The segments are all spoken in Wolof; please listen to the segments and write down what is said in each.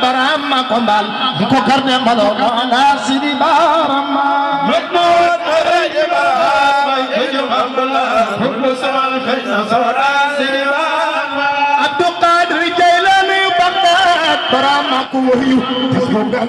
ma ko mbal ko karde mbalo na sidi barama ko wahyu tismo be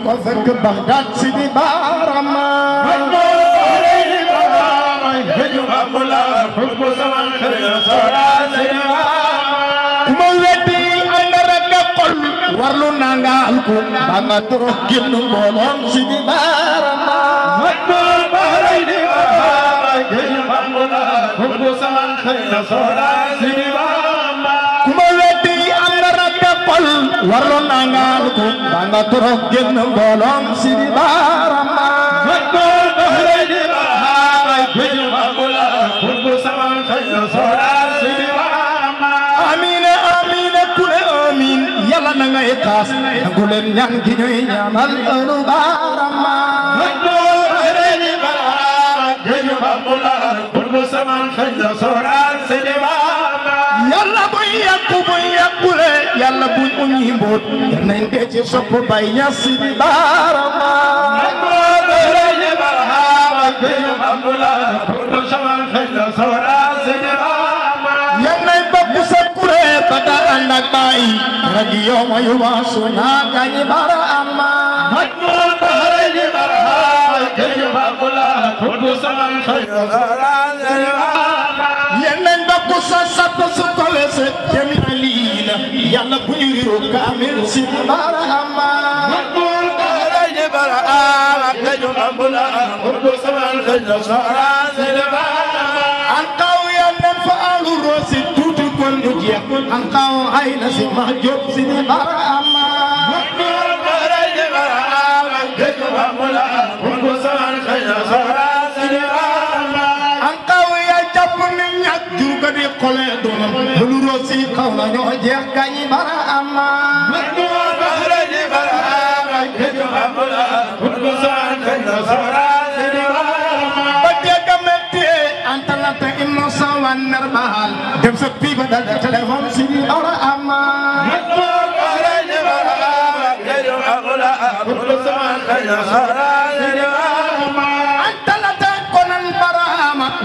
ko banga toro génn mbooloom si di baara kuma weddi am na rabbe xol waroon naa ngaal ko banga toro génn mbooloom si di baara maa na ngay taas nangu leen ñaan gi ñuy ñaanal ënu baarama yàlla buy yàqu buy yàqule yàlla buy uñi mbóot nañ dee ci sopp bay ñas si di baarama nag baay rag yow ma yu ma suna kañ bara amma majmul bahrayni marhaa kañ fakula kudu saman yéen nañ ba ku sa sat su kole se jamilina yàlla bu ñu ru kaamil si bara amma majmul bahrayni marhaa kañ fakula kudu saman kañ أنقوا عين سمع جب سن غرامة أنقوا يا جب من يجوك دي قلدون بلو روسي قولا نوجه كاي برامة téléphone si biir awra amaa.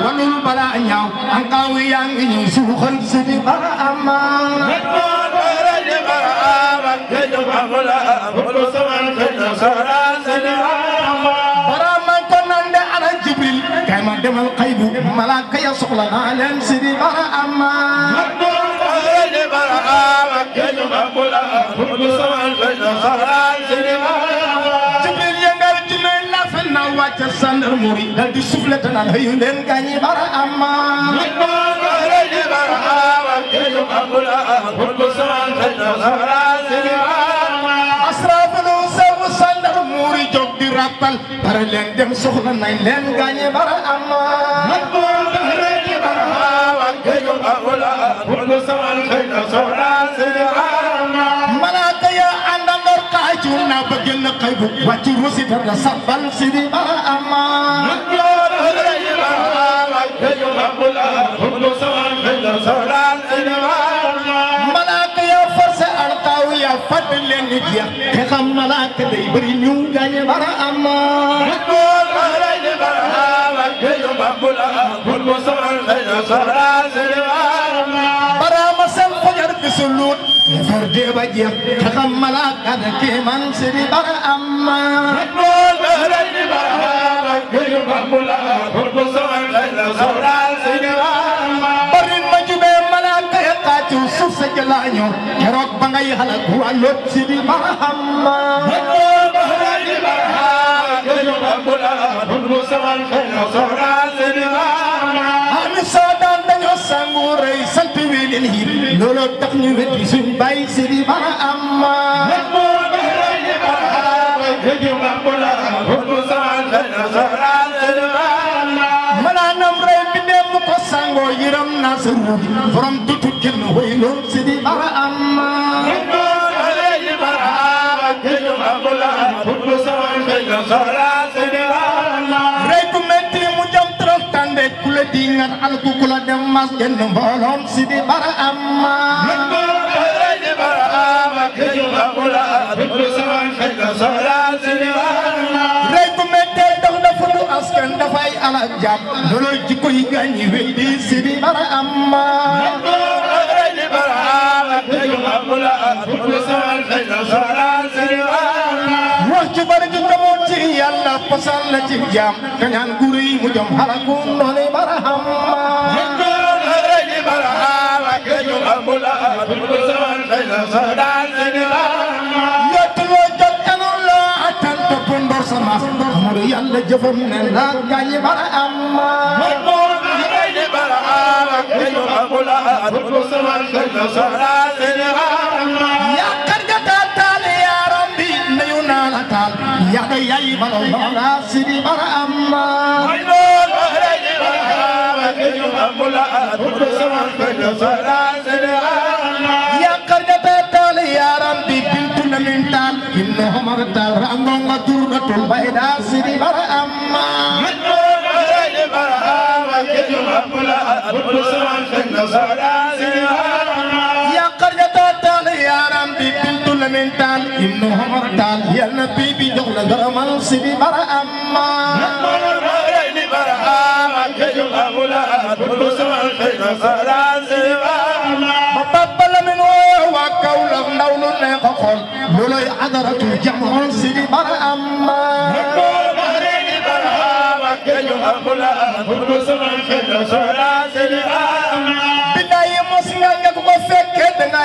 walul bala ñaaw an kaw yaa ngi ñëw suuxal si di bara ama man ko nande ala kay ma demal xaybu malaaka ya soxla naa leen si di bara ama gënum abula kullu samal bayna xalaal jibril yëngal dina la fa na wàcc sandar muri dal di soufflé te naan xëyu leen gaañi bara amma gënum abula kullu samal bayna xalaal asrafulu sew sandar muri jóg di rappal pare leen dem soxla nañ leen gaañi bara amma gënum abula kullu samal bayna xalaal naa ba génn xëy bu wàcc ruusi dara sabbal si di ba amaa. man yoo doon rëy ba xaaral béyu rabbul aar xundu sawan béyu solaan indi ba amaa. malaaka yaa forcé alkaaw yaa fàttali leen ya te xam malaaka day bëri ñu gaañe ba amaa. man yoo doon rëy ba xaaral béyu rabbul absoluut defar dee ba jeex te xam malaat ak kéemaan si di bara am moo dara di bara bi ñu bambula pour bu soxal lay la soxlaal si di bara barin ma jubee malaat kaya xaatiw suuf sa jalaañoo keroog ba ngay xalaat bu alot si di bara am moo dara di bara bi ñu bambula pour bu soxal lay la soxlaal gën a tax ñu wetti suñ bàyyi si di ba am ma moo dara yi barxaaba jëju ma ko la hubbu saan la nasaraan la malaanam rey bi dem ko sangoo yërëm na sa borom tutu kenn way lool si di ba am ma ngat alku ku la dem mas genn mbooloom si di bara amma a bu mettee dox na futu askan dafay ala jàpp looloy jikko yi gaañ yi weddi si di bara amma wax ci bari yàlla fasal la ci jaam kañaan gu rëy mu jom halakun nooni baraham yàlla jëfam ne naa gaañi bara amma bara amma يحيى يمن الناس بمر أما ميلون مهرج والحرام نجوم ملا تدرس والفجر سلاسل يا قرن بيتال يا ربي بنتنا من تال إنهم رتال رانغون وترنة البيضاء سيدي بر أما ميلون مهرج والحرام نجوم ملا تدرس والفجر سلاسل Lamin Taal ibnu Omar Taal yal na bii bi jox la gërëmal si bi bara amma bara amma kejum amula kullu samal xeyna saraan si bi bara amma ba Papa Lamin woo waa Kawlax ndaw lu neex a xool looloy adaratu jamoon si bi bara amma bara amma kejum amula kullu samal xeyna saraan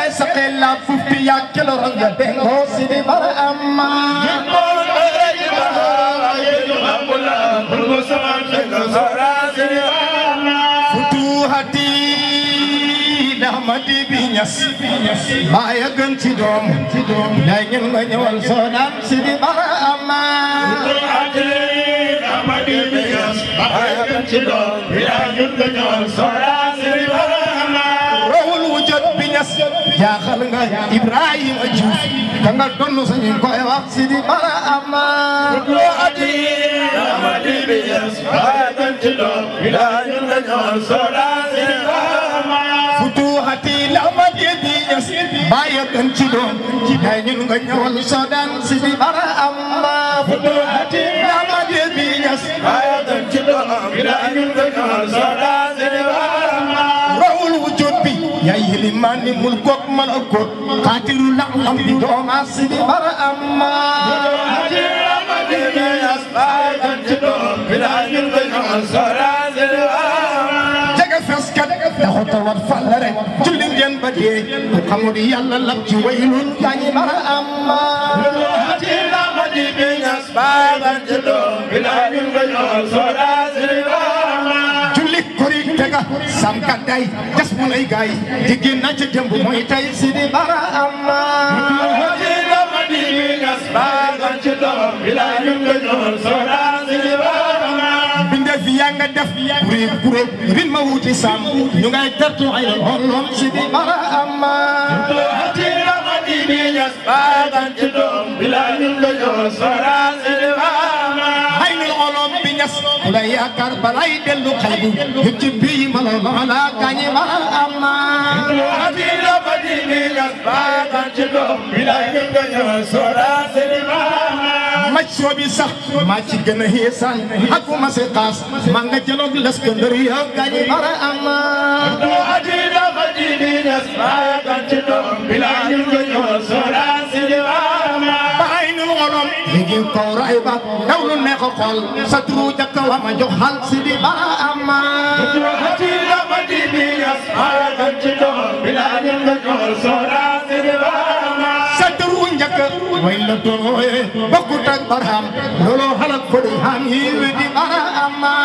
لا سقيل ففتي ياكل رنجة دهو سيدي بر أما يقول أجبها يجمع ملا كل سمان شكرا سيدي فتوحتي Ahmadi bi ñas maa ya gën ci doom lay ngeen ma ñëwal soo naan si di bara amma Ahmadi bi ñas maa ya gën ci doom lay ngeen ma ñëwal soo naan si di bara ñas jaaxal nga Ibrahima Diouf ka nga donn sañu koy wax Sidi Bara Ama lo adi amadi bi ñas ba tan ci do ila ñu nga ñoo soda Sidi Bara Ama futuhati la amadi bi ñas ba ya tan ci do ila ñu nga ñoo soda Sidi Bara Ama futuhati la amadi bi ñas ba ya tan ci do ila ñu nga ñoo soda Sidi Bara Ama yayi helimanni mulkok malakot katiru laklam di doma sidi bara amma jaga feskat daxota wat falla rek julli ngeen ba dee ku xamul yàlla lab ci waylun yañi bara amma Bila yun gayon sorazil ba nga samkat day jas mu lay gaay jigéen na ca démb mooy tay si di bara amma ci dama di bi ngas baagan ci doom si di bara binde fi yaa nga def kuréel kuréel rin ma wuti sam ñu ngay tertu ay holloom si di bara amma ci dama di bi ngas baagan bi ñu ko ñoon soodaan si di bara yes lay akar balay dellu xaybu ci bi ma la la kañi ma amma ati la badi ni yas ba tan ci bilay nga ñëw sora seni mama mac soobi sax maa gën a xeesaan ak ma se xaas maa nga jëloog leskandër ya kañi mara amma ati la badi ni yas ba tan ci do bilay nga ñëw sora jiw kaw raay ba daw lu neex a xool sa turu jàkka wa ma jox xal si di ba amma ci dama di bi yas ala kan ci doxal bila ñu nga joxal soora si di ba amma sa turu njëkk mooy la tooye bokkut ak baram looloo xalak ko di xam yi we di ba amma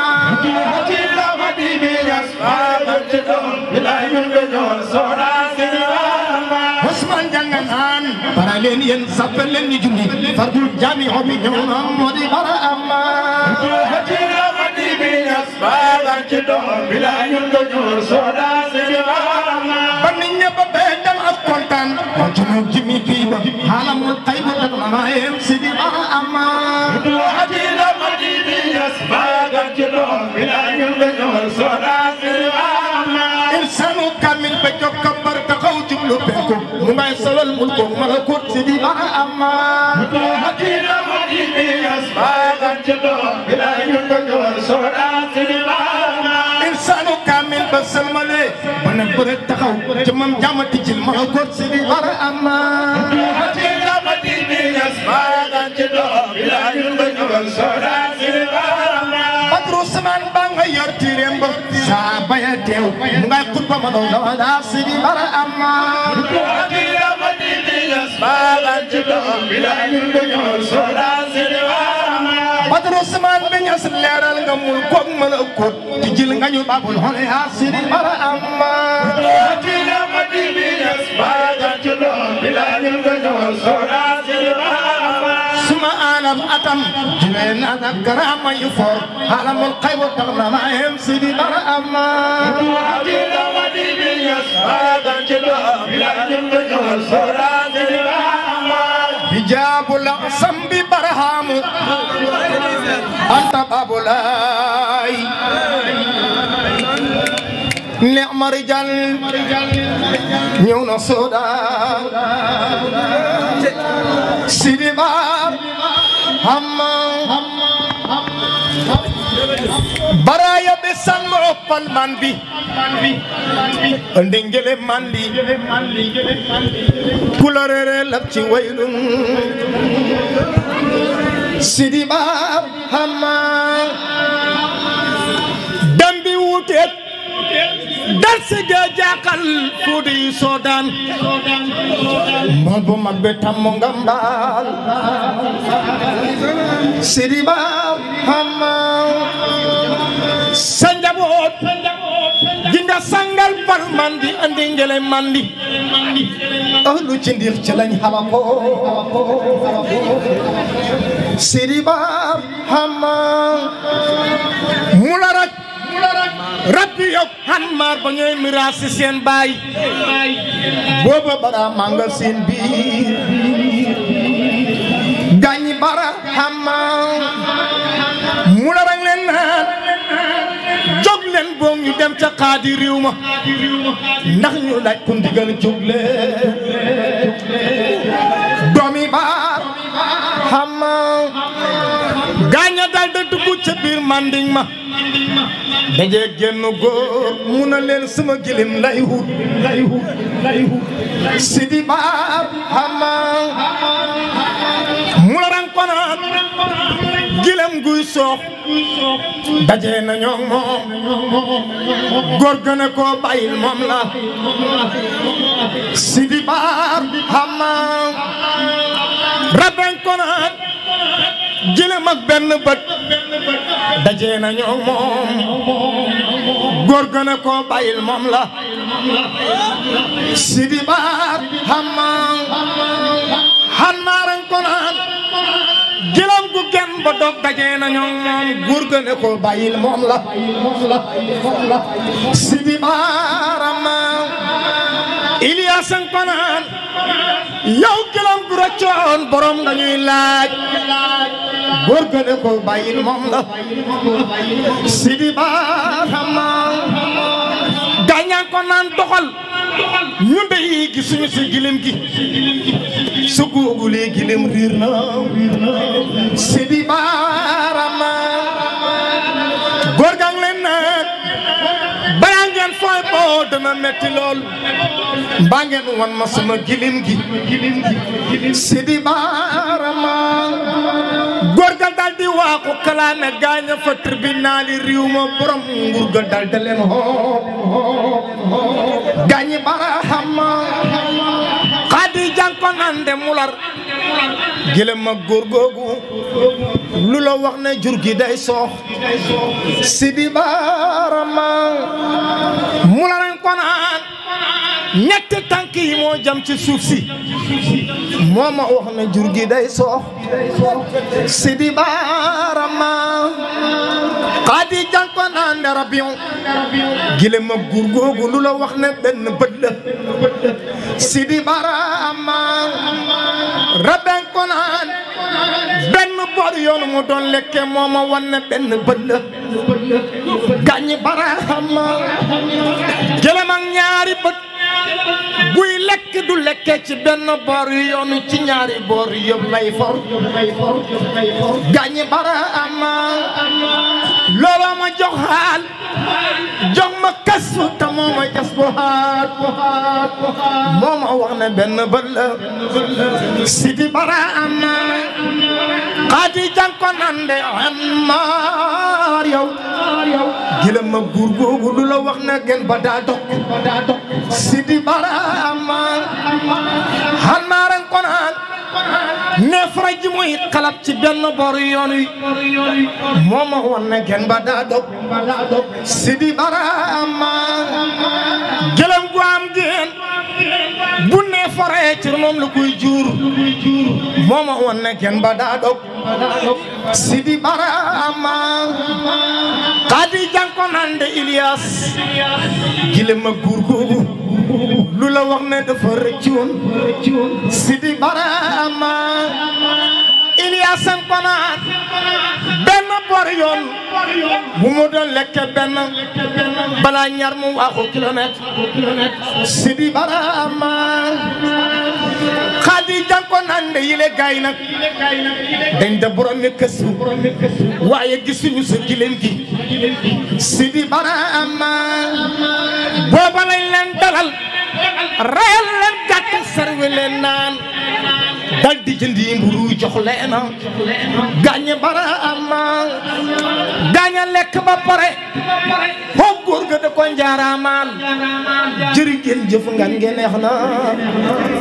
ci dama di bi yas ala kan ci doxal bila ñu nga joxal soora si di ba para leen yéen sappal leen ñu julli fardul jami bi ñëw na moo di xara amma hatina madi bi ñas balan bi jur soda seni barama ba nit ñëpp be dem ak kontaan kon ci ñu jimi kii bi ñas balan ci dox bi مميصل الملك ملكوت سيدي مع أما متوحدين مديني أسباغا جدو بلا يتجور سورا سيدي مع أما إنسان كامل بس الملي من برد تخو جمم جامة تجل ملكوت سيدي مع أما متوحدين مديني أسباغا جدو بلا يتجور سورا baya teew mu ngay xutba ma doon dawa naa si di bara amma baalan ci la ñu di warama badru samaan bi ñas leeral nga mul koog mën a di jël nga ñu babul xole yaa si di la ñu ko ñool soo daa si alam atam jiween anak karaama yu for alamul xaybu tax na ma hem sidi bara amma adila wadi bi yas adan ci do bila ñun do ñol sura sidi bara amma hijabu la sambi barham anta babulay نعم رجال نيونا سودا سيدي بار baraya ɓe sanno oppal man bi nde ngele mandi pularere sidi ɓaab hamma dambi wutet darse jaajaakal fuuti soodaan mool bu mag be tammu ngambaal siriba hammaw sa njaboot jinda sangal par mandi andi ngele mandi ahlu ci ndiir ci lañ xama ko siriba hammaw mu la raj rabbi yokk xanmaar ba ñooy miraas si seen baay booba bara mànga seen biir gàññi bara xamma mu la leen naan jóg leen boom ñu dem ca xaadi réew ma ndax ñu laaj ku jóg leen doomi baar xamma gàñña dal da dugg ca biir manding ma dajeeg genn góor mu na leen sama gilim lay wut lay wut lay wut sidi mu la rang panaat gilam guy soox dajee na ñoom moom góor koo bàyyil moom la sidi baab ama rabang panaat gëlëm ak benn bët dajee nañu moom góor gën a ko bàyyil moom la sidi baat xammaan xanmaaran ko naan gëlëm gu genn ba dog dajee nañu moom góor gën a ko bàyyil moom Iliyaasan ko naan yow kilam du rëccoon borom nga laaj góor ga ko bàyyil moom la Sidi Barhama gaañaan ko naan doxal ñu dey gisuñu si gilim gi su googulee gilim riir na Sidi Barhama oo dana metti lool mbaa ngeen ma gilim gi Sidi Baara ma góor ga daal di waaxu kalaame fa tribunal yi riw ma borom nguur ga daal di leen hoo gaañi barahama mular gilem ma góor lu la wax jur gi day Sidi Baara ma fanaan ñetti tànk yi moo jam ci suuf si moo ma wax na jur gi day soox sidi baarama xaadi jànko naan de rabion gile ma gur googu lu la wax ne benn bët la sidi baarama raben ko naan benn bor yoonu mu doon lekke moo ma wan ne benn bët la gàññi baraxam jëlam ak ñaari bët buy lekk du lekke ci benn boor yu ci ñaari boor yëpp lay for bara ama looloo ma jox xaal jox ma kas te moo ma jas bu xaat moo ma wax ne benn bët sidi bara ama xaati jànkonande Ammaar yow gila ma buur googu du la wax na gen ba daa dog sidi bara Ammaar xanaaran konaan neefara ji mooy xalab ci benn boru yoon wi moo ma gen ba daa dog sidi barama gëlëm gu am geen bu neefaree ci moom lu koy juur moo ma gen ba dog sidi barama xaadi jànko naan de Ilias gilema guur googu lu la wax ne dafa rëccoon Sidi Barama Ilyasan Konaat benn bor yoon bu mu doon lekk benn balaa ñaar mu waxu kilomètre Sidi Barama di jànkoonande yile gaay nag dañ da borom mi waaye gisuñu sa gileem gi Sidi Barama booba lañ leen dalal rayal leen gàtt serwi leen naan dal di jëndi mburu jox leen gaañe baraama gaaña lekk ba pare moom góor ga da ko njaaraamaan jërë ngeen jëf ngan ngeen neex na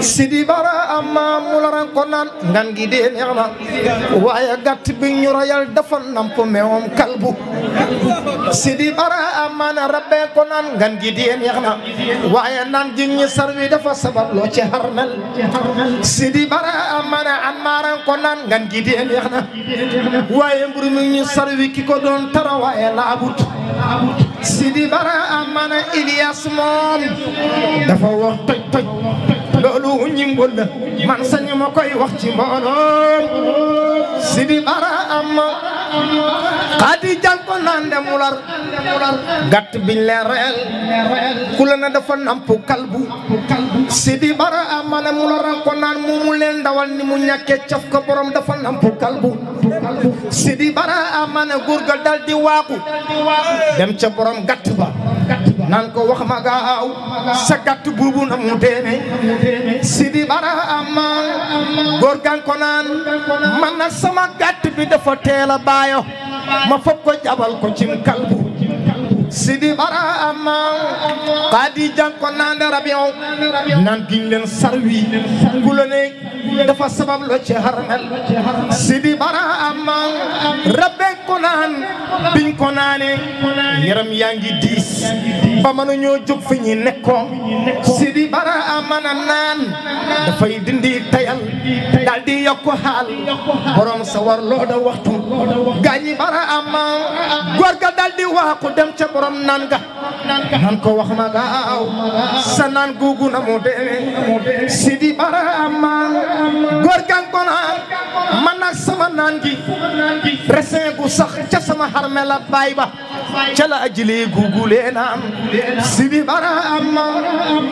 sidi baraama mu la ko naan ngan gi dee neex na waaye gàtt bi ñu royal dafa namp meewam kalbu sidi baraama na rabbee ko naan ngan gi dee neex na waaye naan ji ñi sarwi dafa sabab loo ci harmel sidi bara amana an maran ko nan ngan jiidi e leexna waye mburu mi ñu sarwi ki ko doon tara waye laabut sidi bara amana Ilyas moom dafa wax toj toj loolu ñingol man sañu ma koy wax ci mbooloo sidi bara am xaati jànko naan de mular gàtt biñ leen reel ku la na dafa namp kalbu sidi bara am ne mularan naan mu mu leen dawal ni mu ñàkkee caf ko borom dafa namp kalbu sidi bara am ne góor ga dal di waaku dem ca borom gàtt ba naan ko wax ma gaaw sa gàtt buubu na mu deene sidi bara amma góor gan ko naan man nag sama gàtt bi dafa teel a baayo ma fopp ko jabal ko cim kalbu sidi bara amma xaadi jang ko naan rabion nan giñ leen sarwi ku la ne dafa sabab lo ci harmel sidi bara amma rabbe ko naan biñ naane yaram yaa diis ba mënuñoo jóg fi ñi nekkoon Sidi Bara a mën a naan dafay dindi tayal daal di yokku xaal borom sa war loo da waxtu gaañi Bara a ga daal di waaxu dem ca borom naan ga nan ko wax ma gaaw sa naan googu na mu demee Sidi Barama góor gan ko naan man ak sama naan resin gu sax ca sama xarme la baay ba ca la ajilee googu lee naan Sidi Barama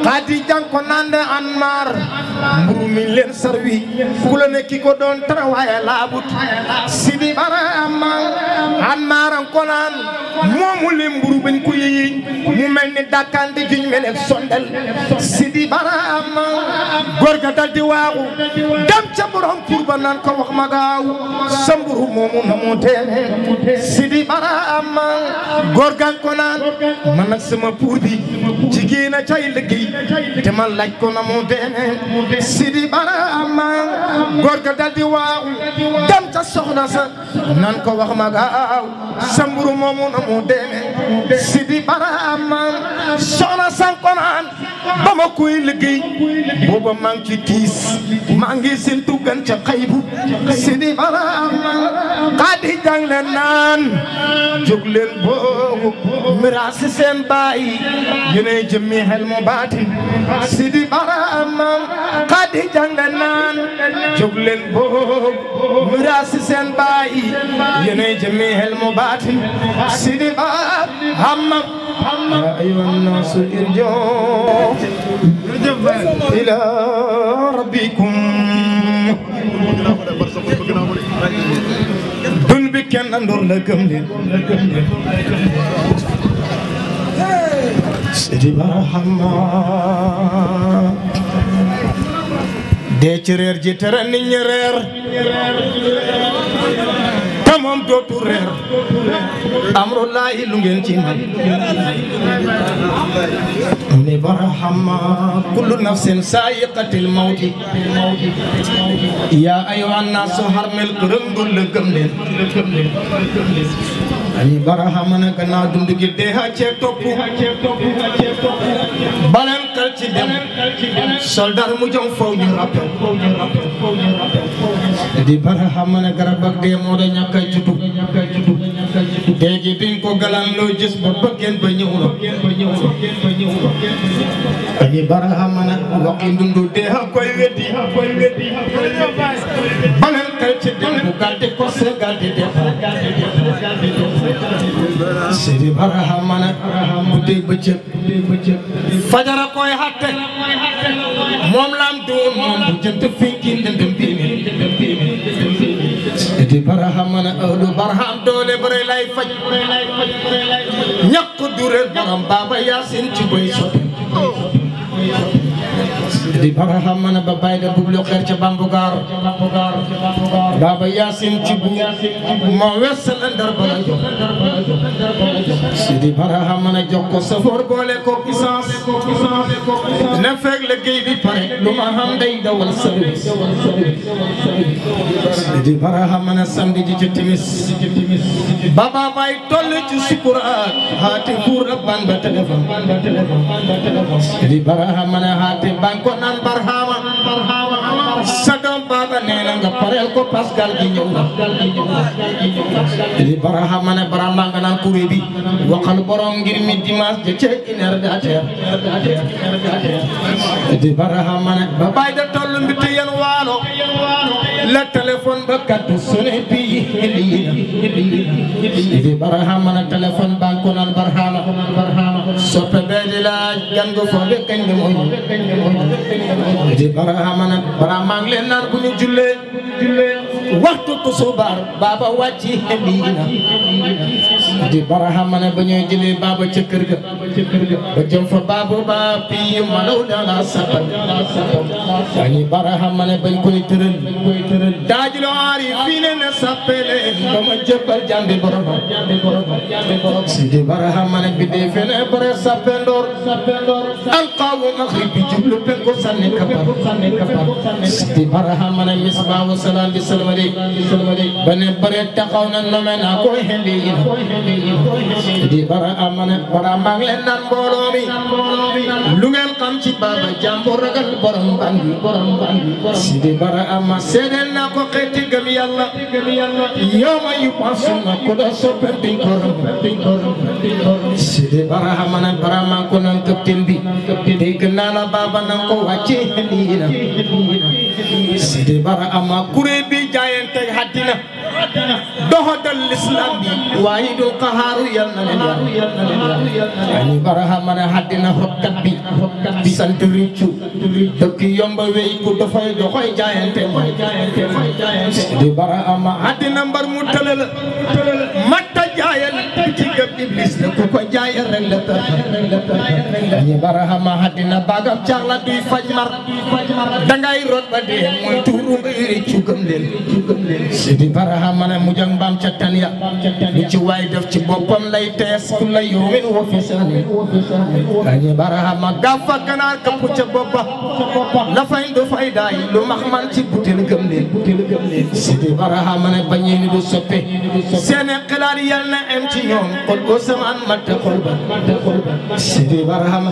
xaati jàng ko naan de anmar mburu mi leen sarwi ku la ne ki ko doon tarawaaye laabut Sidi Barama anmar an ko naan moomu leen mburu bañ ko mu mel ni dàkkante juñ meneen sondel sidi baraam góor ga dal di waaxu dem ca borom pour ba naan ko wax sa gaaw samburu moomu na mu teene sidi baraam góor ga ko naan man ak sama liggéey na cay liggéey te ma laaj ko na mu deene sidi barama góor ga daldi waaw dem ca soxna sa nan ko wax ma gaaw samburu moomu na mu deene sidi barama soxna san ko naan ba ma koy liggéey booba maa ngi ci tiis maa ngi sintu gan ca xaybu jàng leen naan jóg leen boobu miraas seen baay yéenay jëmmi xel mu baati sidi baramam xadi jàng leen naan jóg leen boobu miraas seen baay yéenay jëmmi xel mu baati sidi baramam yaa ayyuhan naasu irji'u ilaa rabbikum kenn andoor la gëm leen Seydina Muhammad dee ci reer ji tere nit ñi reer te moom lu ngeen ci man ni barahama kullu nafsin saayiqatil mawti yaa ayyuhan naas harmel gërëm dul la gëm leen ani barahama na gannaaw dund gi dee ha cee topp baleen kal ci dem soldar mu jom faw ñu di bara xam ne garab ak dee moo da ñàkk a juddu dee ji biñ ko galan loo gis ba bëggeen ba ñëw na aji bara xam ne waxi dundu dee a koy weddi balal kay ci dem bu galdi ko se galdi def sidi bara xam ne bu dee bëccëg fajara koy xatte moom laam duun moom bu jënt finki ndëndëm bi baraham mën a ëllu baraham baaba yaasin ci bay ba nga xam ma ne ba bàyyi da bub loxeer ca bambugaar baaba yaasin ci bu moo wessal ndar ba la jox sidi bara xam ma ne jox ko safoor boole ko puissance ne fekk liggéey bi pare lu ma xam day dawal service sidi bara xam ma ne samedi ji ci timis baba bay toll ci sukuraat haati buur rabban ba téléphone sidi bara xam ma ne haati ban nañ ko naan barhama sagam baba nee na nga pareel ko pasgal gi ñëw na barhama ne baramba nga naan kuré bi waxal borom ngir mi dimanche de cee di barhama ne bay da tollu mbi yen waalo la téléphone ba kaddu sone bi li li barhama ne téléphone gan nga fonde kañ nga muñ di baraama nag balaa maa ngi leen naan bu ñu jullee waxtu tusubaar baaba wàcci xembi di barahama ne ba ñuy jëlee baaba ca kër ba jëm fa baabu ba fii malaw dala sabat dañuy barahama ne bañ koy tëral daajilo aari fii ne na sappele ba ma jëbbal jàmbi borom si di barahama ne bi dee fene bare sappe ndoor alqaawu maxrib bi jublu penko sànni kabar si di barahama ne misbaawu salaam bi salmadi ba ne bare taxaw na nome naa koy hendi ina di bara am na bara maa leen naan mbooloo mi lu ci baaba jàmbur ragal borom ban bi borom ban bi si na ko xeeti gëm yàlla yow ma yu pasu na ko da soppe biñ ko rom si di bara am na bara maa ko naan bi dégg naa la baaba na ko wàcce diina Sidi Barahama kuré bi jaayante haddina doxadal lislaam bi waaye doo qaxaaru yal na leen waaye Barahama ne haddina xotkat bi xotkat bi sant riccu dëkk yomba wey ku dafay doxoy jaayante mooy Sidi Barahama haddina mbar mu tëlal mat jaayal ci ko jaayal rek la tër yi barahama haddina bagam cax la duy faj mar dangay rot ba dee mooy tuuru nga yëri ci gëm leen sidi barahama ne mujj ak ya ci waay ci boppam lay tees ku la yowin wa fisaani yi barahama gàffa ganaar kapp ca boppa la fay lu max man ci butel gëm leen sidi barahama ne bañee ni du soppe seen xelaat yal na am ci ñoom kon ko sama mat xol ba mat xol ba Sidi Barhama